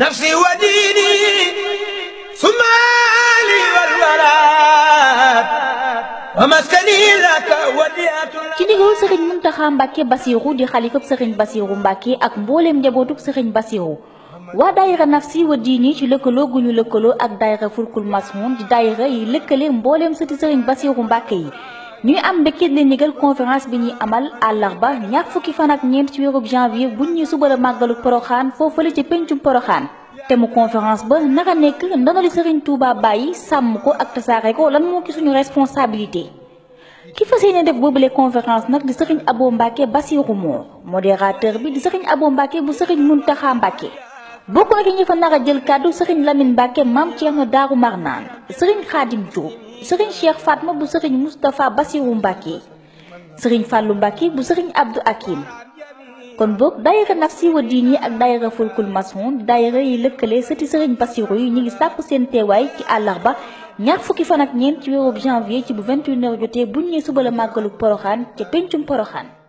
نفسي وديني ثم لي والولاء ci ndigal sëriñ Muntaxa Mbàkke Basiiru di xalifab sëriñ Basiiru Mbàkke ak mbooleem njabootub sëriñ Basiiru waa daayira nafsi wa diini ci lëkkaloo gu lëkkaloo ak daayira furkul mashuun di daayira yi lëkkale mbooleem sëti sëriñ Basiiru Mbàkke yi ñuy am mbégte di leen yëgal conférence bi ñuy amal àllarba ñaar fukki fan ak ñeent ci weerub janvier buñ ñuy suba la màggalu poroxaan foofale ci péncum poroxaan te mu conférence ba naka nekk ndono li sëriñ Touba bàyyi sàmm ko ak tasaare ko lan moo ki suñu responsabilité ki fas yéene def boobule conférence nag di sëriñ Abo Mbacke Bassirou Mor modérateur bi di sëriñ Abo Mbacke bu sëriñ Mountakha Mbacke bokk na ci ñi fa nar a jël kàddu sëriñ lamin Mbacke maam Thierno Darou Marnaan sëriñ Khadim Diop sëriñ Cheikh Fatma bu sëriñ Moustapha Bassirou Mbacke sëriñ Fallou Mbacke bu sëriñ Abdou Hakim kon boog daayira Nafsi wa diin yi ak daayira Fulkul Mason daayira yi lëkkale sëti sëriñ Bassirou yi ñu ngi sàkku seen teewaay ci àllarba ñaar fukki fan ak ñeent ci weerub janvier ci bu 21h jotee buñ ne suba la màggalu poroxaan ca pencum poroxaan